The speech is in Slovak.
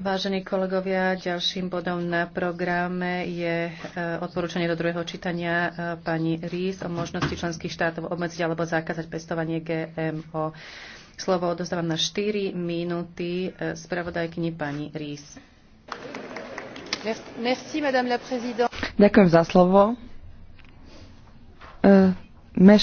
Vážení kolegovia, ďalším bodom na programe je eh, odporúčanie do druhého čítania eh, pani Ries o možnosti členských štátov obmedziť alebo zakázať pestovanie GMO. Slovo odostávam na 4 minúty eh, spravodajkyni pani Rís. Ďakujem za slovo. E,